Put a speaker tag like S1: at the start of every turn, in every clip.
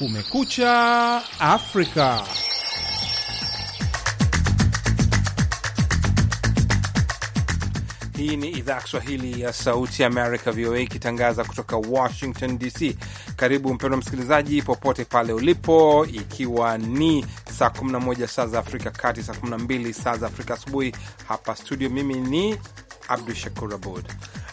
S1: Kumekucha Afrika. Hii ni idhaa ya Kiswahili ya Sauti ya Amerika, VOA, ikitangaza kutoka Washington DC. Karibu mpendwa msikilizaji, popote pale ulipo, ikiwa ni saa 11 saa za Afrika Kati, saa 12 saa za Afrika Asubuhi.
S2: Hapa studio, mimi ni Abdu Shakur Abud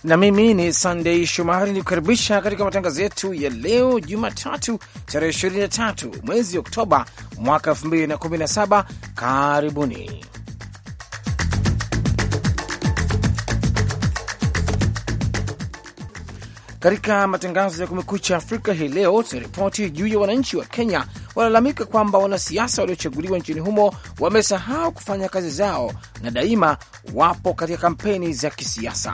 S2: na mimi ni Sandei Shomari nikukaribisha katika matangazo yetu ya leo Jumatatu tarehe 23 mwezi Oktoba mwaka 217 Karibuni katika matangazo ya Kumekucha Afrika. Hii leo tunaripoti juu ya wananchi wa Kenya wanalalamika kwamba wanasiasa waliochaguliwa nchini humo wamesahau kufanya kazi zao na daima wapo katika kampeni za kisiasa.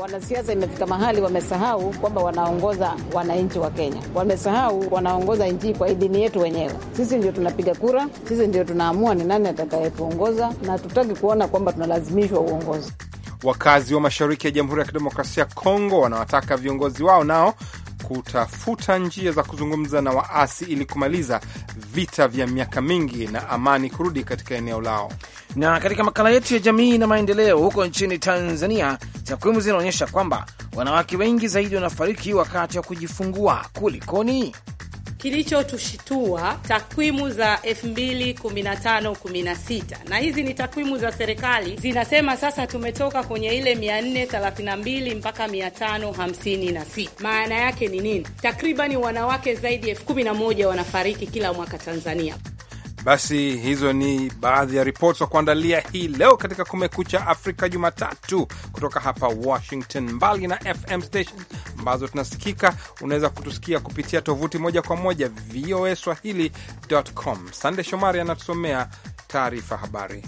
S3: Wanasiasa imefika mahali wamesahau kwamba wanaongoza wananchi wa Kenya, wamesahau wanaongoza nchi kwa idini yetu wenyewe. Sisi ndio tunapiga kura, sisi ndio tunaamua ni nani atakayetuongoza, na tutaki kuona kwamba tunalazimishwa uongozi.
S1: Wakazi wa mashariki ya Jamhuri ya Kidemokrasia ya Kongo wanawataka viongozi wao nao kutafuta njia za kuzungumza na waasi ili kumaliza
S2: vita vya miaka mingi na amani kurudi katika eneo lao. Na katika makala yetu ya jamii na maendeleo, huko nchini Tanzania, takwimu zinaonyesha kwamba wanawake wengi zaidi wanafariki wakati wa kujifungua. Kulikoni? Kilichotushitua
S4: takwimu za 2015-16 na hizi ni takwimu za serikali zinasema, sasa tumetoka kwenye ile 432 mpaka 556. Maana yake ni nini? Takribani wanawake zaidi ya elfu kumi na moja wanafariki kila mwaka Tanzania.
S1: Basi hizo ni baadhi ya ripoti za kuandalia hii leo katika Kumekucha Afrika Jumatatu kutoka hapa Washington. Mbali na FM station ambazo tunasikika, unaweza kutusikia kupitia tovuti moja kwa moja VOA swahili.com. Sande Shomari anatusomea taarifa habari.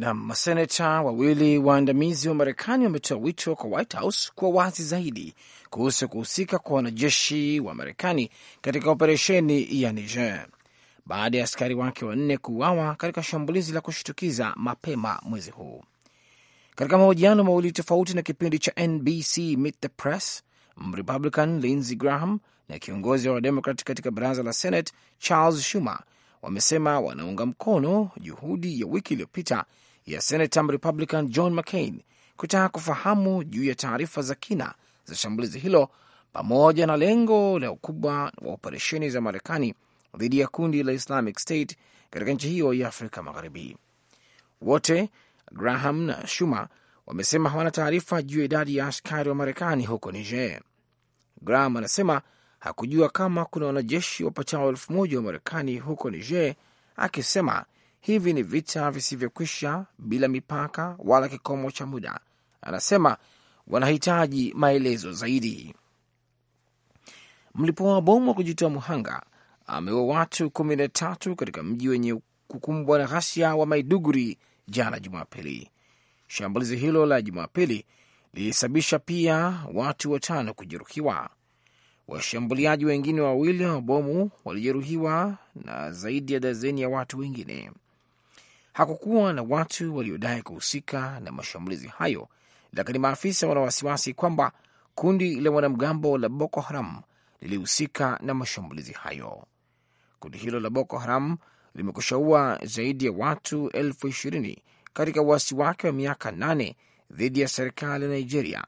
S2: na maseneta wawili waandamizi wa Marekani wametoa wito kwa White House kuwa wazi zaidi kuhusu kuhusika kwa wanajeshi wa Marekani katika operesheni ya Niger baada ya askari wake wanne kuuawa katika shambulizi la kushtukiza mapema mwezi huu. Katika mahojiano mawili tofauti na kipindi cha NBC Meet the Press, Mrepublican Lindsey Graham na kiongozi wa Wademokrat katika baraza la Senate Charles Schumer wamesema wanaunga mkono juhudi ya wiki iliyopita ya senata Mrepublican John McCain kutaka kufahamu juu ya taarifa za kina za shambulizi hilo pamoja na lengo la ukubwa wa operesheni za Marekani dhidi ya kundi la Islamic State katika nchi hiyo ya Afrika Magharibi. Wote Graham na Shuma wamesema hawana taarifa juu ya idadi ya askari wa Marekani huko Niger. Graham anasema hakujua kama kuna wanajeshi wapatao elfu moja wa Marekani huko Niger, akisema hivi ni vita visivyokwisha, bila mipaka wala kikomo cha muda. Anasema wanahitaji maelezo zaidi. Mlipoa bomu wa kujitoa muhanga ameua watu kumi na tatu katika mji wenye kukumbwa na ghasia wa Maiduguri jana Jumapili. Shambulizi hilo la Jumapili lilisababisha pia watu watano kujeruhiwa. Washambuliaji wengine wawili wa bomu walijeruhiwa na zaidi ya dazeni ya watu wengine. Hakukuwa na watu waliodai kuhusika na mashambulizi hayo, lakini maafisa wana wasiwasi kwamba kundi la wanamgambo la Boko Haram lilihusika na mashambulizi hayo. Kundi hilo la Boko Haram limekushaua zaidi ya watu elfu ishirini katika uasi wake wa miaka nane dhidi ya serikali ya Nigeria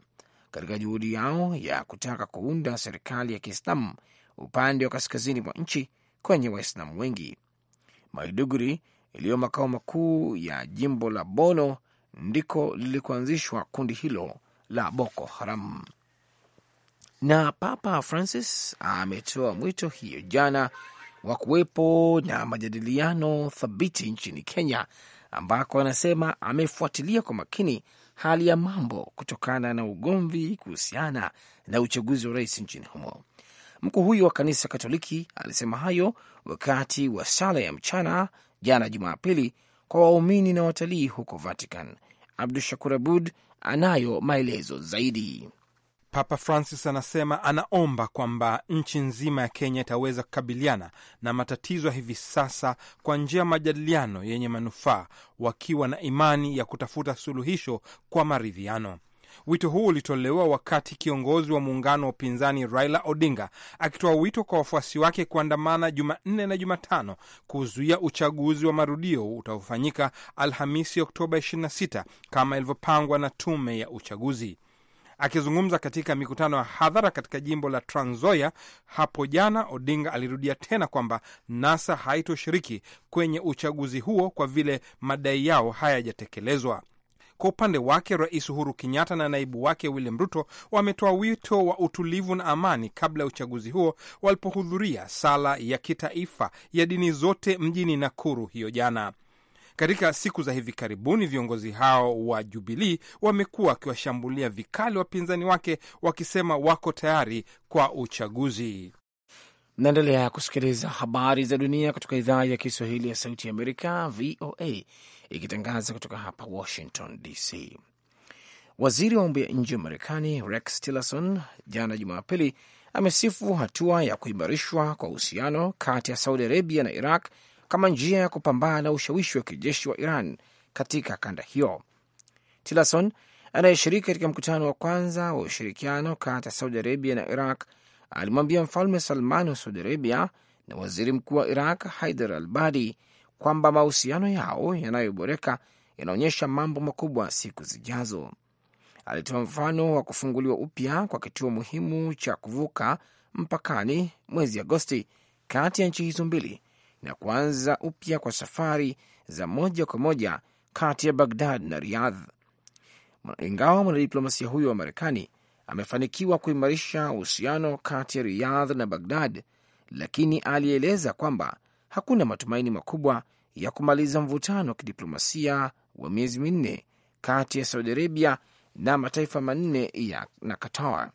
S2: katika juhudi yao ya kutaka kuunda serikali ya Kiislamu upande wa kaskazini mwa nchi kwenye Waislamu wengi. Maiduguri iliyo makao makuu ya jimbo la bono ndiko lilikuanzishwa kundi hilo la Boko Haram. Na Papa Francis ametoa mwito hiyo jana wa kuwepo na majadiliano thabiti nchini Kenya, ambako anasema amefuatilia kwa makini hali ya mambo kutokana na ugomvi kuhusiana na uchaguzi wa rais nchini humo. Mkuu huyu wa kanisa Katoliki alisema hayo wakati wa sala ya mchana jana Jumapili kwa waumini na watalii huko Vatican. Abdu Shakur Abud anayo maelezo zaidi. Papa
S1: Francis anasema anaomba kwamba nchi nzima ya Kenya itaweza kukabiliana na matatizo hivi sasa kwa njia ya majadiliano yenye manufaa, wakiwa na imani ya kutafuta suluhisho kwa maridhiano. Wito huu ulitolewa wakati kiongozi wa muungano wa upinzani Raila Odinga akitoa wito kwa wafuasi wake kuandamana Jumanne na Jumatano kuzuia uchaguzi wa marudio utaofanyika Alhamisi Oktoba 26 kama ilivyopangwa na tume ya uchaguzi. Akizungumza katika mikutano ya hadhara katika jimbo la tranzoya hapo jana, Odinga alirudia tena kwamba NASA haitoshiriki kwenye uchaguzi huo kwa vile madai yao hayajatekelezwa. Kwa upande wake Rais Uhuru Kenyatta na naibu wake William Ruto wametoa wito wa utulivu na amani kabla ya uchaguzi huo walipohudhuria sala ya kitaifa ya dini zote mjini Nakuru hiyo jana. Katika siku za hivi karibuni, viongozi hao wa Jubilii wamekuwa wakiwashambulia vikali wapinzani wake wakisema
S2: wako tayari kwa uchaguzi. Mnaendelea kusikiliza habari za dunia kutoka idhaa ya Kiswahili ya Sauti ya Amerika, VOA, ikitangaza kutoka hapa Washington DC. Waziri wa mambo ya nje wa Marekani Rex Tillerson jana Jumapili amesifu hatua ya kuimarishwa kwa uhusiano kati ya Saudi Arabia na Iraq kama njia ya kupambana na ushawishi wa kijeshi wa Iran katika kanda hiyo. Tillerson anayeshiriki katika mkutano wa kwanza wa ushirikiano kati ya Saudi Arabia na Iraq alimwambia Mfalme Salman wa Saudi Arabia na waziri mkuu wa Iraq Haidar al Badi kwamba mahusiano yao yanayoboreka yanaonyesha mambo makubwa siku zijazo. Alitoa mfano wa kufunguliwa upya kwa kituo muhimu cha kuvuka mpakani mwezi Agosti kati ya nchi hizo mbili na kuanza upya kwa safari za moja kwa moja kati ya Bagdad na Riyadh. Ingawa mwanadiplomasia huyo wa Marekani amefanikiwa kuimarisha uhusiano kati ya Riyadh na Bagdad, lakini alieleza kwamba hakuna matumaini makubwa ya kumaliza mvutano wa kidiplomasia wa miezi minne kati ya Saudi Arabia na mataifa manne ya na Qatar.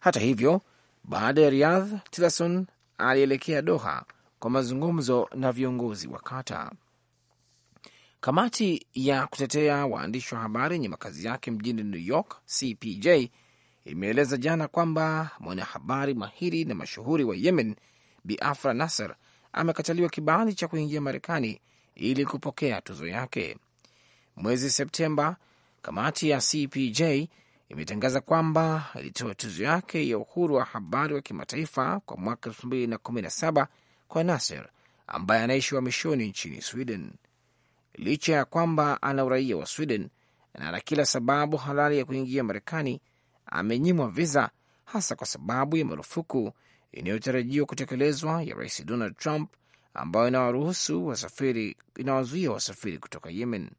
S2: Hata hivyo, baada ya Riyadh, Tillerson alielekea Doha kwa mazungumzo na viongozi wa kata. Kamati ya kutetea waandishi wa habari yenye makazi yake mjini New York, CPJ, imeeleza jana kwamba mwanahabari mahiri na mashuhuri wa Yemen Biafra Nasser amekataliwa kibali cha kuingia Marekani ili kupokea tuzo yake. Mwezi Septemba, kamati ya CPJ imetangaza kwamba ilitoa tuzo yake ya uhuru wa habari wa kimataifa kwa mwaka 2017 kwa Nasser ambaye anaishi uhamishoni nchini Sweden. Licha ya kwamba ana uraia wa Sweden na ana kila sababu halali ya kuingia Marekani, amenyimwa viza hasa kwa sababu ya marufuku inayotarajiwa kutekelezwa ya Rais Donald Trump ambayo inawaruhusu wasafiri, inawazuia wasafiri kutoka Yemen.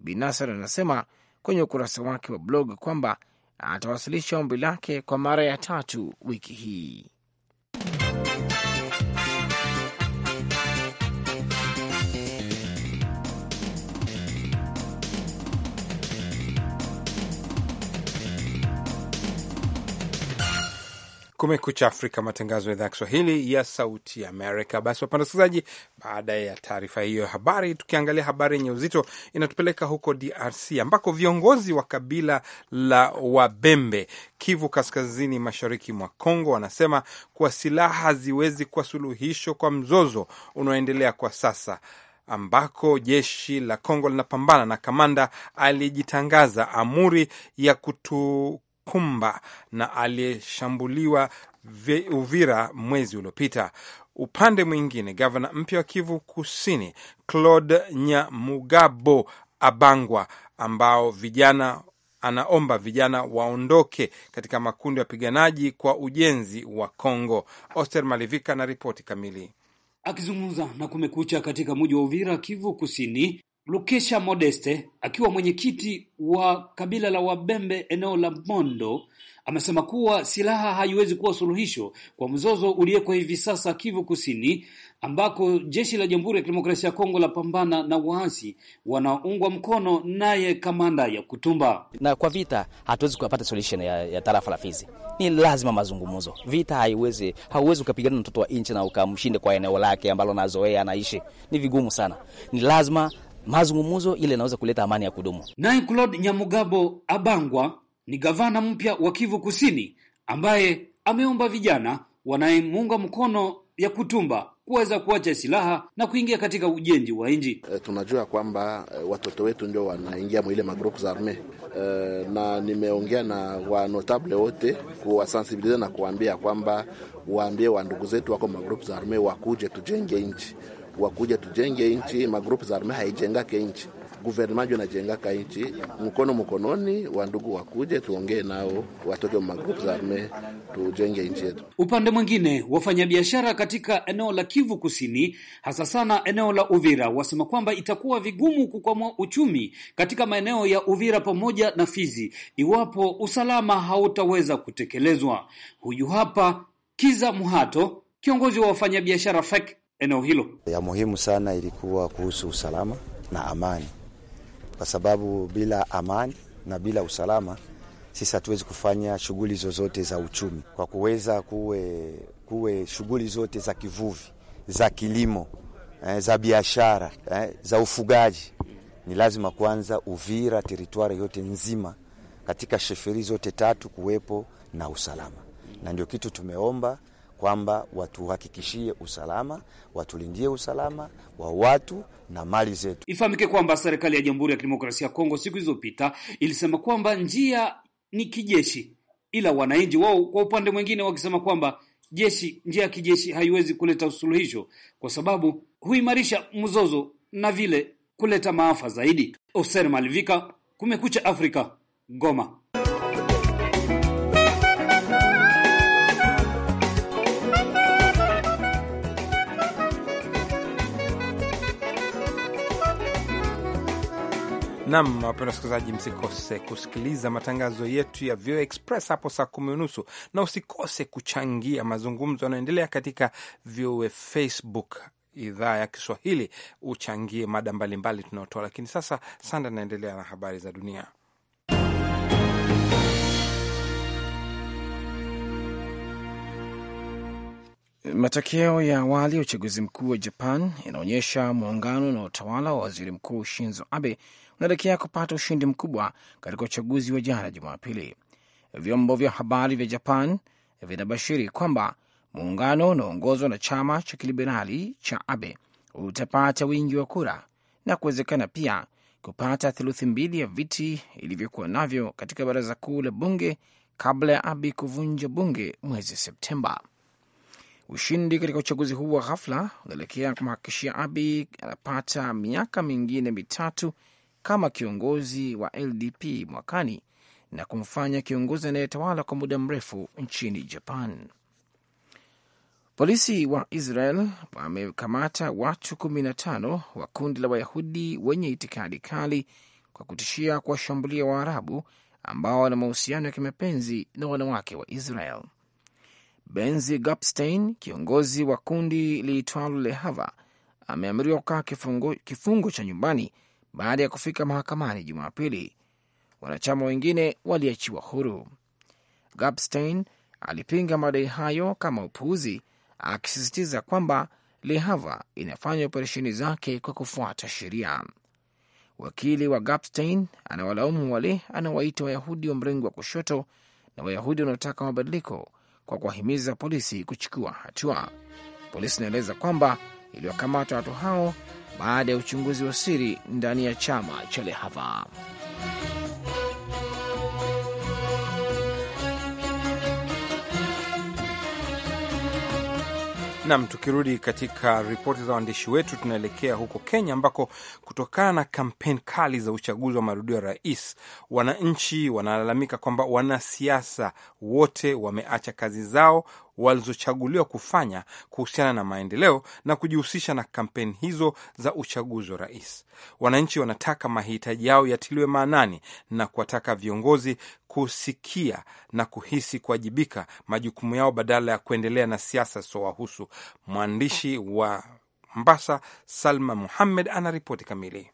S2: Binasar anasema kwenye ukurasa wake wa blog kwamba atawasilisha ombi lake kwa mara ya tatu wiki hii.
S1: Kumekucha Afrika, matangazo ya idhaa ya Kiswahili ya Sauti Amerika. Basi wapenda wasikilizaji, baada ya taarifa hiyo ya habari, tukiangalia habari yenye uzito, inatupeleka huko DRC ambako viongozi wa kabila la Wabembe Kivu kaskazini mashariki mwa Kongo wanasema kuwa silaha haziwezi kuwa suluhisho kwa mzozo unaoendelea kwa sasa ambako jeshi la Kongo linapambana na kamanda aliyejitangaza amuri ya kutu, Kumba na aliyeshambuliwa Uvira mwezi uliopita. Upande mwingine, gavana mpya wa Kivu Kusini Claude Nyamugabo Abangwa, ambao vijana anaomba vijana waondoke katika makundi ya wapiganaji kwa ujenzi wa Kongo. Oster Malivika na ripoti kamili.
S5: Akizungumza na Kumekucha katika mji wa Uvira, Kivu Kusini, Lukesha Modeste akiwa mwenyekiti wa kabila la Wabembe eneo la Mondo amesema kuwa silaha haiwezi kuwa suluhisho kwa mzozo uliyeko hivi sasa Kivu Kusini, ambako jeshi la Jamhuri ya Kidemokrasia ya Kongo la pambana na waasi wanaungwa mkono naye kamanda ya Kutumba. Na kwa vita hatuwezi kupata solution ya, ya tarafa la Fizi, ni lazima mazungumzo. Vita haiwezi hauwezi ukapigana na mtoto wa nchi na ukamshinde kwa eneo lake ambalo nazoea anaishi, ni vigumu sana. Ni lazima mazungumzo ile inaweza kuleta amani ya kudumu. Naye Claude Nyamugabo Abangwa ni gavana mpya wa Kivu Kusini ambaye ameomba vijana wanayemuunga mkono ya kutumba kuweza kuacha silaha na kuingia katika ujenzi wa nji E, eh, tunajua kwamba e, watoto wetu ndio wanaingia mwile magrupu za arme e, eh, na nimeongea na wanotable wote kuwasensibiliza na kuwaambia kwamba waambie wandugu zetu wako magrupu za arme wakuje tujenge nchi wakuja tujenge nchi. Magrupu za arme haijengake nchi, guvernemaji anajengaka nchi mkono mkononi. Wandugu wakuje tuongee nao, watoke magrupu za arme,
S6: tujenge nchi yetu.
S5: Upande mwingine, wafanyabiashara katika eneo la Kivu Kusini, hasa sana eneo la Uvira, wasema kwamba itakuwa vigumu kukwamua uchumi katika maeneo ya Uvira pamoja na Fizi iwapo usalama hautaweza kutekelezwa. Huyu hapa Kiza Muhato, kiongozi wa wafanyabiashara fake eneo hilo.
S7: Ya muhimu sana ilikuwa kuhusu usalama na amani, kwa sababu bila amani na bila usalama sisi hatuwezi kufanya shughuli zozote za uchumi, kwa kuweza kuwe, kuwe shughuli zote za kivuvi, za kilimo eh, za biashara eh, za ufugaji. Ni lazima kwanza Uvira teritwari yote nzima katika sheferi zote tatu kuwepo na usalama, na ndio kitu tumeomba kwamba watuhakikishie usalama, watulindie usalama wa watu na mali zetu.
S5: Ifahamike kwamba serikali ya Jamhuri ya Kidemokrasia ya Kongo siku zilizopita ilisema kwamba njia ni kijeshi, ila wananchi wao kwa upande mwingine wakisema kwamba jeshi, njia ya kijeshi haiwezi kuleta usuluhisho kwa sababu huimarisha mzozo na vile kuleta maafa zaidi. Oser Malivika, Kumekucha Afrika, Goma.
S1: Nam, wapenda wasikilizaji, msikose kusikiliza matangazo yetu ya VOA Express hapo saa kumi unusu, na usikose kuchangia mazungumzo yanaoendelea katika VOA Facebook idhaa ya Kiswahili, uchangie mada mbalimbali tunaotoa. Lakini sasa Sanda anaendelea na habari za dunia.
S2: Matokeo ya awali ya uchaguzi mkuu wa Japan yanaonyesha muungano na utawala wa waziri mkuu Shinzo Abe unaelekea kupata ushindi mkubwa katika uchaguzi wa jana Jumapili. Vyombo vya habari vya Japan vinabashiri kwamba muungano unaoongozwa na chama cha kiliberali cha Abe utapata wingi wa kura na kuwezekana pia kupata theluthi mbili ya viti ilivyokuwa navyo katika baraza kuu la bunge kabla ya Abi kuvunja bunge mwezi Septemba. Ushindi katika uchaguzi huu wa ghafla unaelekea kumhakikishia Abi anapata miaka mingine mitatu kama kiongozi wa LDP mwakani na kumfanya kiongozi anayetawala kwa muda mrefu nchini Japan. Polisi wa Israel wamekamata watu 15 wa kundi la Wayahudi wenye itikadi kali kwa kutishia kuwashambulia Waarabu ambao wana mahusiano ya kimapenzi na wanawake wa Israel. Benzi Gopstein, kiongozi wa kundi liitwalo Lehava, ameamriwa kukaa kifungo, kifungo cha nyumbani baada ya kufika mahakamani Jumapili. Wanachama wengine waliachiwa huru. Gapstein alipinga madai hayo kama upuuzi, akisisitiza kwamba Lehava inafanya operesheni zake kwa kufuata sheria. Wakili wa Gapstein anawalaumu wale anawaita Wayahudi wa mrengo wa kushoto na Wayahudi wanaotaka mabadiliko kwa kuwahimiza polisi kuchukua hatua. Polisi inaeleza kwamba iliyokamata watu hao baada ya uchunguzi wa siri ndani ya chama cha Lehava.
S1: Nam, tukirudi katika ripoti za waandishi wetu, tunaelekea huko Kenya ambako kutokana na kampeni kali za uchaguzi wa marudio ya rais, wananchi wanalalamika kwamba wanasiasa wote wameacha kazi zao walizochaguliwa kufanya kuhusiana na maendeleo na kujihusisha na kampeni hizo za uchaguzi wa rais. Wananchi wanataka mahitaji yao yatiliwe maanani na kuwataka viongozi kusikia na kuhisi kuwajibika majukumu yao badala ya kuendelea na siasa sowahusu. Mwandishi wa Mombasa, Salma Muhammed, anaripoti kamili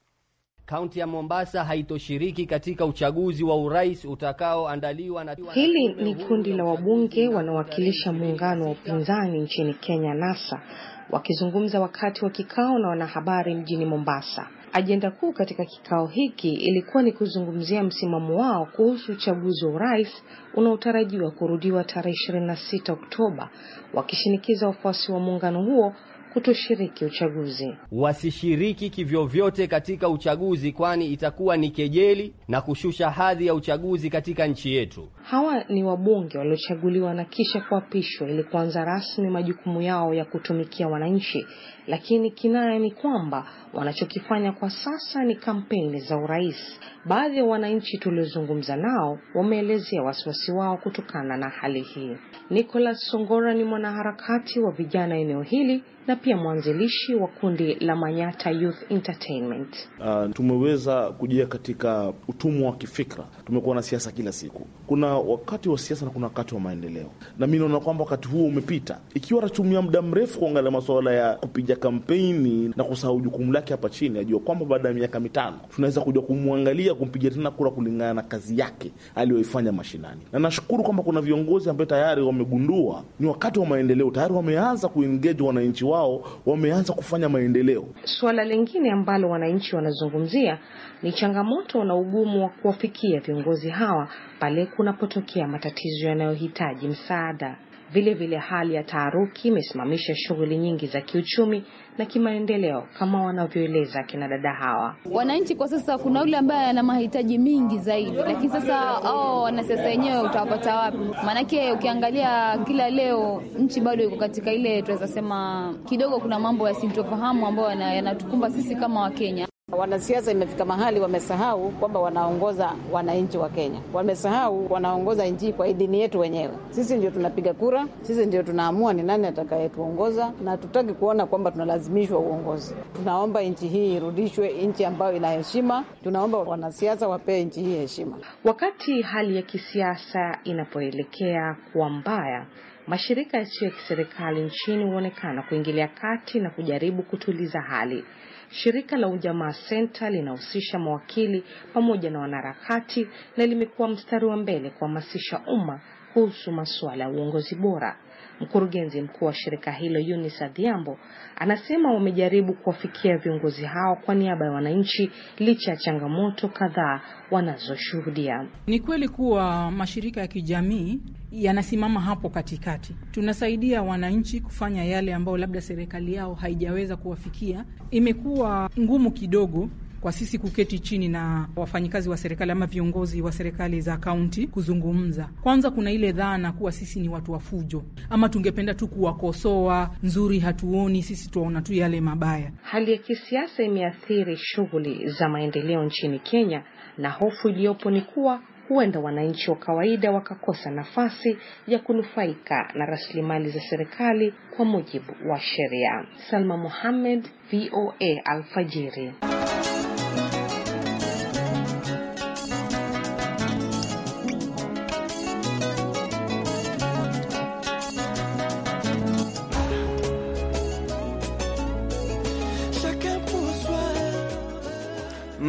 S5: kaunti ya Mombasa haitoshiriki katika uchaguzi wa urais utakaoandaliwa na... Hili ni kundi la
S8: wabunge wanaowakilisha muungano wa upinzani nchini Kenya, NASA, wakizungumza wakati wa kikao na wanahabari mjini Mombasa. Ajenda kuu katika kikao hiki ilikuwa ni kuzungumzia msimamo wao kuhusu uchaguzi wa urais unaotarajiwa kurudiwa tarehe 26 Oktoba, wakishinikiza wafuasi wa muungano huo kutoshiriki
S5: uchaguzi. Wasishiriki kivyovyote katika uchaguzi, kwani itakuwa ni kejeli na kushusha hadhi ya uchaguzi katika nchi yetu.
S8: Hawa ni wabunge waliochaguliwa na kisha kuapishwa ili kuanza rasmi majukumu yao ya kutumikia wananchi, lakini kinaya ni kwamba wanachokifanya kwa sasa ni kampeni za urais. Baadhi ya wananchi tuliozungumza nao wameelezea wasiwasi wao kutokana na hali hii. Nicholas Songora ni mwanaharakati wa vijana eneo hili na pia mwanzilishi wa kundi la Manyata Youth Entertainment.
S6: Uh, tumeweza kujia katika utumwa wa kifikra. Tumekuwa na siasa kila siku, kuna wakati wa siasa na kuna wakati wa maendeleo, na mi naona kwamba wakati huo umepita. Ikiwa atatumia muda mrefu kuangalia masuala ya kupiga kampeni na kusahau jukumu lake hapa chini, ajua kwamba baada ya miaka mitano tunaweza kuja kumwangalia, kumpiga tena kura kulingana na kazi yake aliyoifanya mashinani. Na nashukuru kwamba kuna viongozi ambayo tayari wamegundua ni wakati wa maendeleo, tayari wameanza kuengage wananchi wao, wameanza kufanya maendeleo.
S8: Suala lingine ambalo wananchi wanazungumzia ni changamoto na ugumu wa kuwafikia viongozi hawa pale kunapo kutokea matatizo yanayohitaji msaada. Vile vile hali ya taharuki imesimamisha shughuli nyingi za kiuchumi na kimaendeleo, kama wanavyoeleza kina dada hawa.
S4: Wananchi kwa sasa, kuna yule ambaye ana mahitaji mingi zaidi, lakini sasa oh, wanasiasa wenyewe utawapata wapi? Maanake ukiangalia kila leo nchi bado iko katika ile tunaweza sema kidogo, kuna mambo yasintofahamu ambayo yanatukumba sisi kama Wakenya.
S3: Wanasiasa imefika mahali wamesahau kwamba wanaongoza wananchi wa Kenya, wamesahau wanaongoza nchi kwa idini yetu wenyewe. Sisi ndio tunapiga kura, sisi ndio tunaamua ni nani atakayetuongoza, na tutaki kuona kwamba tunalazimishwa uongozi. Tunaomba nchi hii irudishwe nchi ambayo ina heshima, tunaomba wanasiasa
S8: wapewe nchi hii heshima. Wakati hali ya kisiasa inapoelekea kuwa mbaya mashirika yasiyo ya kiserikali nchini huonekana kuingilia kati na kujaribu kutuliza hali. Shirika la Ujamaa Center linahusisha mawakili pamoja na wanaharakati na limekuwa mstari wa mbele kuhamasisha umma kuhusu masuala ya uongozi bora. Mkurugenzi mkuu wa shirika hilo Yunis Adhiambo anasema wamejaribu kuwafikia viongozi hao kwa niaba ya wananchi licha ya changamoto kadhaa wanazoshuhudia.
S4: Ni kweli kuwa mashirika ya kijamii yanasimama hapo katikati, tunasaidia wananchi kufanya yale ambayo labda serikali yao haijaweza kuwafikia. Imekuwa ngumu kidogo kwa sisi kuketi chini na wafanyikazi wa serikali ama viongozi wa serikali za kaunti kuzungumza. Kwanza kuna ile dhana kuwa sisi ni watu wa fujo ama tungependa tu kuwakosoa, nzuri hatuoni sisi, tuwaona tu yale
S8: mabaya. Hali ya kisiasa imeathiri shughuli za maendeleo nchini Kenya na hofu iliyopo ni kuwa huenda wananchi wa kawaida wakakosa nafasi ya kunufaika na rasilimali za serikali kwa mujibu wa sheria. Salma Mohamed, VOA Alfajiri.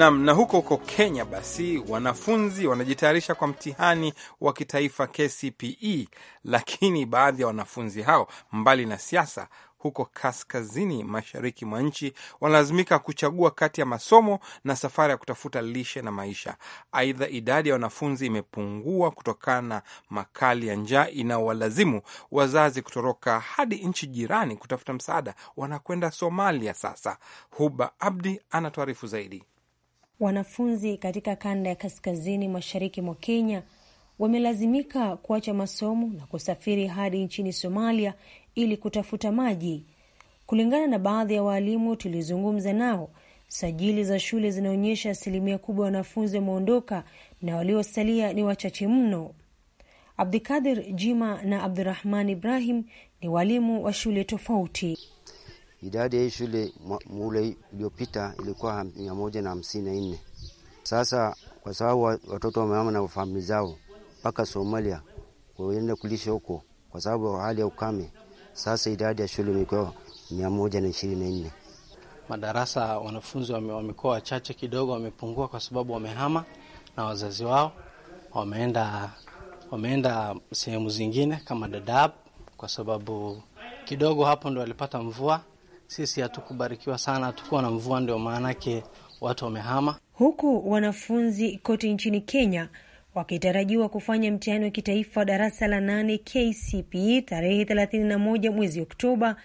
S1: Nam, na huko huko Kenya basi, wanafunzi wanajitayarisha kwa mtihani wa kitaifa KCPE, lakini baadhi ya wanafunzi hao, mbali na siasa, huko kaskazini mashariki mwa nchi wanalazimika kuchagua kati ya masomo na safari ya kutafuta lishe na maisha. Aidha, idadi ya wanafunzi imepungua kutokana na makali ya njaa inayowalazimu wazazi kutoroka hadi nchi jirani kutafuta msaada. Wanakwenda Somalia sasa. Huba Abdi anatuarifu zaidi
S9: wanafunzi katika kanda ya kaskazini mashariki mwa Kenya wamelazimika kuacha masomo na kusafiri hadi nchini Somalia ili kutafuta maji. Kulingana na baadhi ya waalimu tulizungumza nao, sajili za shule zinaonyesha asilimia kubwa ya wanafunzi wameondoka na waliosalia ni wachache mno. Abdikadir Jima na Abdurahman Ibrahim ni walimu wa shule tofauti.
S7: Idadi ya hii shule mule iliyopita ilikuwa mia moja na hamsini na nne. Sasa kwa sababu watoto wameama na familia zao mpaka Somalia kuenda kulisha huko, kwa sababu hali ya ukame. Sasa idadi ya shule imekuwa mia moja na ishirini na nne.
S9: Madarasa wanafunzi wamekuwa wachache kidogo, wamepungua kwa sababu wamehama na wazazi wao, wameenda wameenda sehemu zingine kama Dadaab, kwa sababu kidogo hapo ndo walipata mvua sisi hatukubarikiwa sana, hatukuwa na mvua, ndio maanake watu wamehama, huku wanafunzi kote nchini Kenya wakitarajiwa kufanya mtihani wa kitaifa wa darasa la nane KCPE tarehe 31 mwezi Oktoba.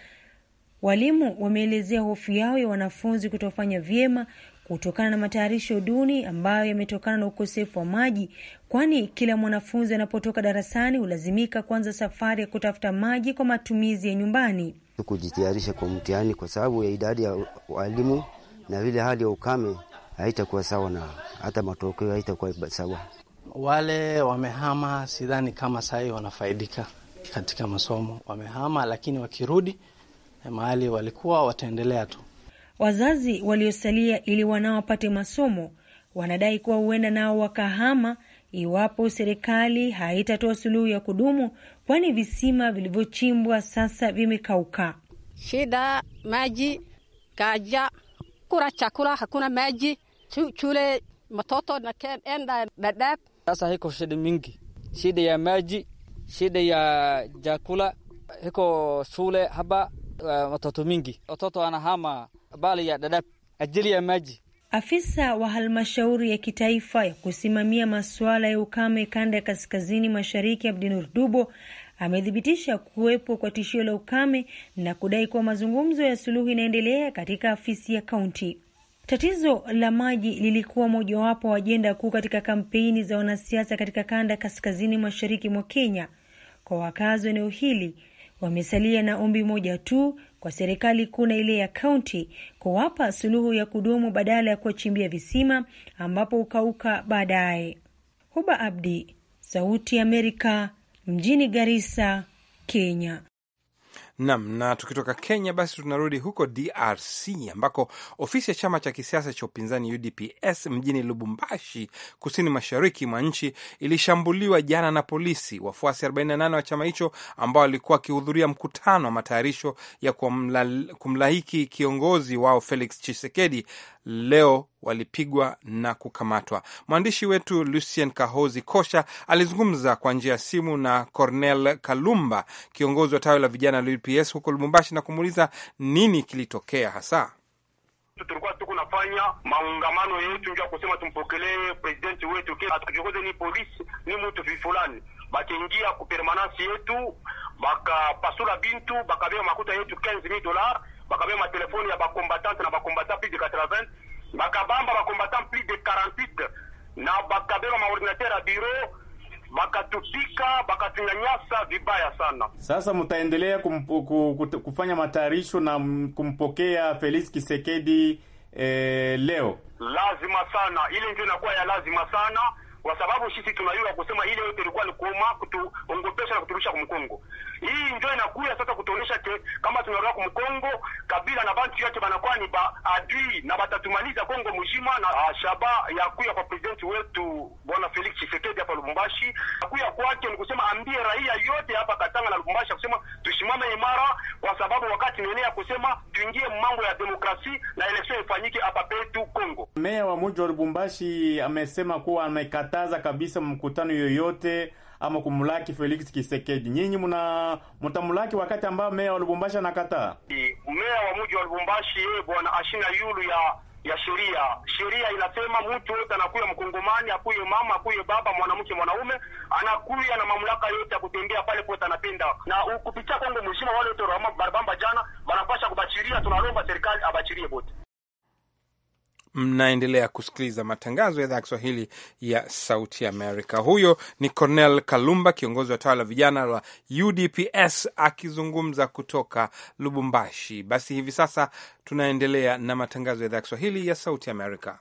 S9: Walimu wameelezea hofu yao ya wanafunzi kutofanya vyema kutokana na matayarisho duni ambayo yametokana na ukosefu wa maji, kwani kila mwanafunzi anapotoka darasani hulazimika kuanza safari ya kutafuta maji kwa matumizi ya nyumbani
S7: kujitayarisha kwa mtihani, kwa sababu ya idadi ya walimu na vile hali ya ukame haitakuwa sawa, na hata matokeo haitakuwa sawa.
S9: Wale wamehama, sidhani kama sahii wanafaidika katika masomo. Wamehama, lakini wakirudi eh, mahali walikuwa wataendelea tu. Wazazi waliosalia ili wanao wapate masomo wanadai kuwa huenda nao wakahama iwapo serikali haitatoa suluhu ya kudumu, kwani visima vilivyochimbwa sasa vimekauka. Shida maji
S4: kaja kura chakula hakuna maji chule matoto
S9: naenda dadab.
S5: Sasa hiko shida mingi, shida ya maji, shida ya chakula, hiko shule haba uh, matoto mingi watoto anahama bali ya dadab ajili ya maji Afisa wa halmashauri ya kitaifa ya
S9: kusimamia masuala ya ukame kanda ya kaskazini mashariki Abdinur Dubo amethibitisha kuwepo kwa tishio la ukame na kudai kuwa mazungumzo ya suluhu inaendelea katika afisi ya kaunti. Tatizo la maji lilikuwa mojawapo wa ajenda kuu katika kampeni za wanasiasa katika kanda kaskazini mashariki mwa Kenya. Kwa wakazi wa eneo hili, wamesalia na ombi moja tu kwa serikali kuu na ile ya kaunti kuwapa suluhu ya kudumu badala ya kuwachimbia visima ambapo ukauka baadaye. Huba Abdi, Sauti ya Amerika, mjini Garissa, Kenya.
S1: Nam, na tukitoka Kenya basi tunarudi huko DRC ambako ofisi ya chama cha kisiasa cha upinzani UDPS mjini Lubumbashi, kusini mashariki mwa nchi, ilishambuliwa jana na polisi. Wafuasi 48 wa chama hicho ambao walikuwa wakihudhuria mkutano wa matayarisho ya kumla, kumlaiki kiongozi wao Felix chisekedi leo walipigwa na kukamatwa. Mwandishi wetu Lucien Kahozi Kosha alizungumza kwa njia ya simu na Cornel Kalumba, kiongozi wa tawi la vijana la UPS huko Lubumbashi, na kumuuliza nini kilitokea hasa. Tulikuwa tuku nafanya maungamano yetu ya
S6: kusema tumpokelee presidenti wetu, atukiongoze ni polisi ni mtu fulani, bakiingia kupermanansi yetu bakapasula bintu bakabea makuta yetu 15 dola bakabea matelefoni ya bakombatante na bakombatant plus de ya biro bakatupika bakatunyanyasa vibaya sana. Sasa mtaendelea kufanya matayarisho na kumpokea Felix Kisekedi eh, leo? Lazima sana, ile ndio inakuwa ya lazima sana kwa sababu sisi tunajua kusema ile yote ilikuwa ni kuuma kutuongopesha na kuturusha kumkungu hii ndio inakuya sasa kutuonesha ke kama tunaroa mkongo kabila na bantu yote banakuwa ni ba adui na batatumaliza Kongo mzima, na ah, shaba ya kuya kwa president wetu bwana Felix Tshisekedi hapa Lubumbashi, akuya kwake ni kusema ambie raia yote hapa Katanga na Lubumbashi kusema tushimame imara, kwa sababu wakati nenea kusema tuingie mambo ya demokrasi na election ifanyike hapa petu Kongo. Meya wa mji wa Lubumbashi amesema kuwa amekataza kabisa mkutano yoyote ama kumulaki Felix Kisekedi, nyinyi mna mtamulaki wakati ambao meya wa Lubumbashi anakataa. Meya wa mji wa Lubumbashi yeye bwana ashina yulu ya ya sheria. Sheria inasema mtu yote anakuya Mkongomani, akuye mama, akuye baba, mwanamke, mwanaume, anakuya na mamlaka yote ya kutembea pale pote anapenda. Na kupitia Kongo mzima, wale wote Barbamba jana banapasha kubachiria, tunalomba serikali abachirie bote.
S1: Mnaendelea kusikiliza matangazo ya idhaa ya Kiswahili ya Sauti Amerika. Huyo ni Cornel Kalumba, kiongozi wa tawala vijana wa UDPS akizungumza kutoka Lubumbashi. Basi hivi sasa tunaendelea na matangazo ya idhaa ya Kiswahili ya Sauti Amerika.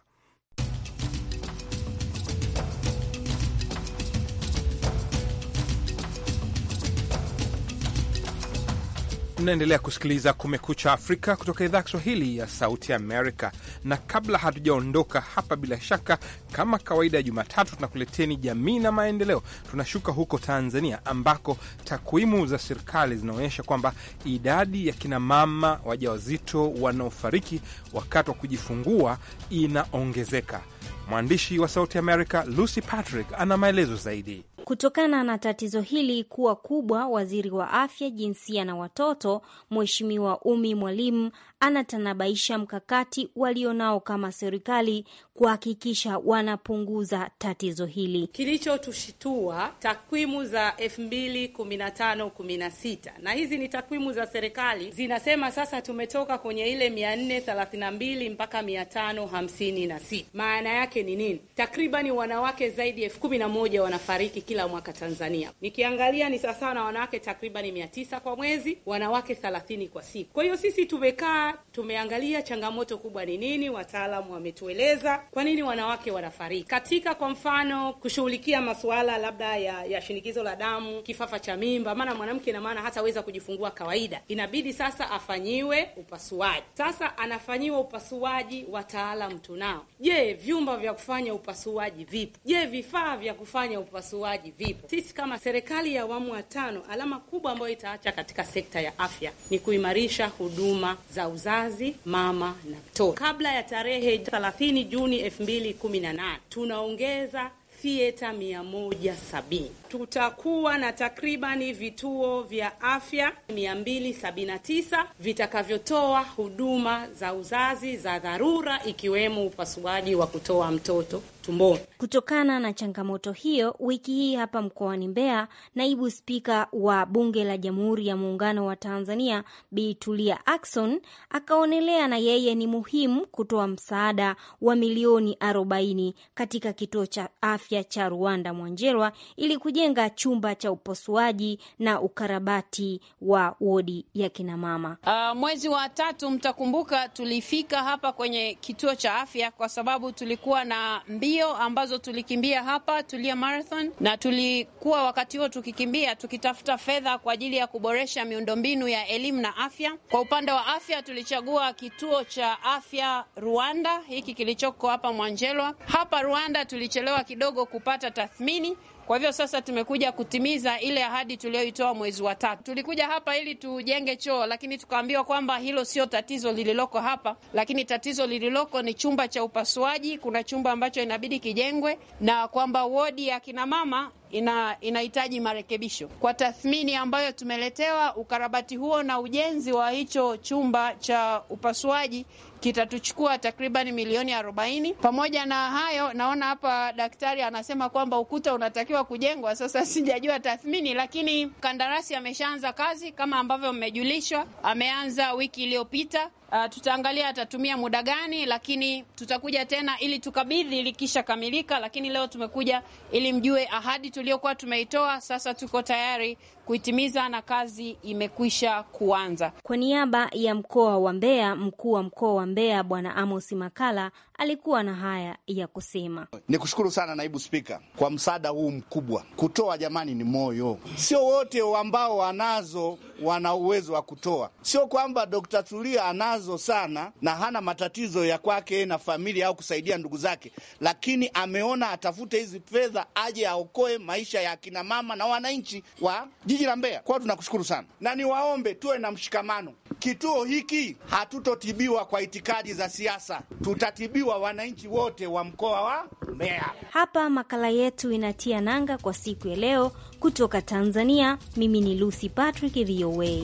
S1: Mnaendelea kusikiliza Kumekucha Afrika kutoka idhaa ya Kiswahili ya Sauti Amerika, na kabla hatujaondoka hapa, bila shaka, kama kawaida ya Jumatatu tunakuleteni jamii na maendeleo. Tunashuka huko Tanzania, ambako takwimu za serikali zinaonyesha kwamba idadi ya kinamama wajawazito wanaofariki wakati wa kujifungua inaongezeka. Mwandishi wa Sauti Amerika Lucy Patrick ana maelezo zaidi.
S7: Kutokana na tatizo hili kuwa kubwa, waziri wa afya, jinsia na watoto, Mheshimiwa Umi Mwalimu anatanabaisha mkakati walionao kama serikali kuhakikisha wanapunguza tatizo hili. Kilichotushitua
S4: takwimu za 2015 16 na hizi ni takwimu za serikali zinasema, sasa tumetoka kwenye ile 432 mpaka 556. Maana yake ni nini? Takribani wanawake zaidi ya elfu kumi na moja wanafariki kila mwaka Tanzania. Nikiangalia ni sawasawa na wanawake takribani 900 kwa mwezi, wanawake 30 kwa siku. Kwa hiyo sisi tumekaa tumeangalia changamoto kubwa ni nini, wataalamu wametueleza kwa nini wanawake wanafariki katika, kwa mfano, kushughulikia masuala labda ya, ya shinikizo la damu, kifafa cha mimba, maana mwanamke na maana hataweza kujifungua kawaida, inabidi sasa afanyiwe upasuaji. Sasa anafanyiwa upasuaji, wataalamu tunao. Je, vyumba vya kufanya upasuaji vipo? Je, vifaa vya kufanya upasuaji vipo? Sisi kama serikali ya awamu ya tano, alama kubwa ambayo itaacha katika sekta ya afya ni kuimarisha huduma za uzazi mama na mtoto kabla ya tarehe 30 Juni 2018 tunaongeza fieta 170 tutakuwa na takribani vituo vya afya 279 vitakavyotoa huduma za
S7: uzazi za dharura ikiwemo upasuaji wa kutoa mtoto tumboni. Kutokana na changamoto hiyo, wiki hii hapa mkoani Mbeya, naibu spika wa Bunge la Jamhuri ya Muungano wa Tanzania Bi Tulia Ackson akaonelea na yeye ni muhimu kutoa msaada wa milioni 40 katika kituo cha afya cha rwanda Mwanjelwa ili kujenga chumba cha upasuaji na ukarabati wa wodi ya kinamama. Uh, ah, mwezi wa tatu mtakumbuka
S3: tulifika hapa kwenye kituo cha afya kwa sababu tulikuwa na mbio ambazo tulikimbia hapa Tulia Marathon, na tulikuwa wakati huo tukikimbia tukitafuta fedha kwa ajili ya kuboresha miundombinu ya elimu na afya. Kwa upande wa afya tulichagua kituo cha afya Rwanda hiki kilichoko hapa Mwanjelwa. Hapa Rwanda tulichelewa kidogo kupata tathmini kwa hivyo sasa tumekuja kutimiza ile ahadi tuliyoitoa mwezi wa tatu. Tulikuja hapa ili tujenge choo, lakini tukaambiwa kwamba hilo sio tatizo lililoko hapa, lakini tatizo lililoko ni chumba cha upasuaji. Kuna chumba ambacho inabidi kijengwe na kwamba wodi ya kinamama ina inahitaji marekebisho. Kwa tathmini ambayo tumeletewa, ukarabati huo na ujenzi wa hicho chumba cha upasuaji kitatuchukua takriban milioni arobaini. Pamoja na hayo, naona hapa daktari anasema kwamba ukuta unatakiwa kujengwa. Sasa sijajua tathmini, lakini kandarasi ameshaanza kazi kama ambavyo mmejulishwa, ameanza wiki iliyopita. Uh, tutaangalia atatumia muda gani, lakini tutakuja tena ili tukabidhi kamilika Lakini leo tumekuja ili mjue ahadi tuliyokuwa tumeitoa, sasa tuko tayari kuitimiza na
S7: kazi imekwisha kuanza. Kwa niaba ya mkoa wa Mbeya, mkuu wa mkoa wa Mbeya Bwana Amos Makala alikuwa na haya ya kusema.
S5: Ni kushukuru sana naibu spika kwa msaada huu mkubwa. Kutoa jamani, ni moyo, sio wote ambao wanazo wana uwezo wa kutoa. Sio kwamba Dokta Tulia anazo sana na hana matatizo ya kwake na familia au kusaidia ndugu zake, lakini ameona atafute hizi fedha aje aokoe maisha ya akinamama na wananchi wa jiji la Mbeya kwao. Tunakushukuru sana, na niwaombe tuwe na mshikamano. Kituo hiki hatutotibiwa kwa itikadi za siasa, tutatibiwa wananchi wote wa mkoa wa Mbeya.
S7: Hapa makala yetu inatia nanga kwa siku ya leo. Kutoka Tanzania, mimi ni Lucy Patrick, VOA.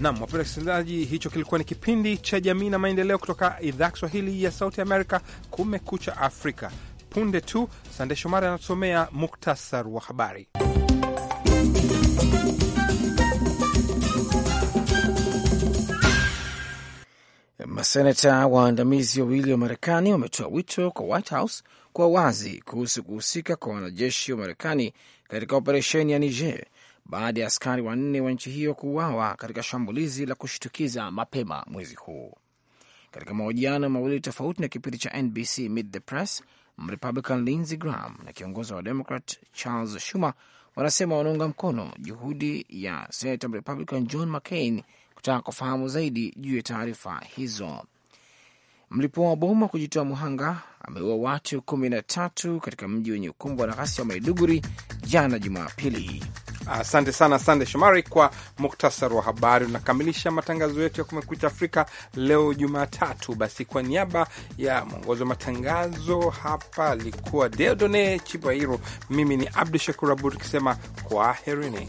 S1: Nam wapenda wasikilizaji, hicho kilikuwa ni kipindi cha jamii na maendeleo kutoka idhaa ya Kiswahili ya Sauti Amerika, Kumekucha Afrika. Punde tu Sande Shomari anatusomea muktasar wa habari.
S2: Maseneta waandamizi wawili wa Marekani wametoa wito kwa White House kwa wazi kuhusu kuhusika kwa wanajeshi wa Marekani katika operesheni ya Niger baada ya askari wanne wa nchi hiyo kuuawa katika shambulizi la kushtukiza mapema mwezi huu. Katika mahojiano mawili tofauti na kipindi cha NBC Meet the Press, Mrepublican Lindsey Graham na kiongozi wa Democrat Charles Schumer wanasema wanaunga mkono juhudi ya senata Mrepublican John McCain kutaka kufahamu zaidi juu ya taarifa hizo. Mlipua wa bomu wa kujitoa muhanga ameua watu kumi na tatu katika mji wenye ukumbwa na ghasia wa Maiduguri jana Jumapili. Asante sana Sande Shomari kwa muktasari wa habari. unakamilisha matangazo yetu
S1: ya Kumekucha Afrika leo Jumatatu. Basi kwa niaba ya mwongozi wa matangazo hapa alikuwa Deodone Chibahiro, mimi ni Abdu Shakur Abud kisema herini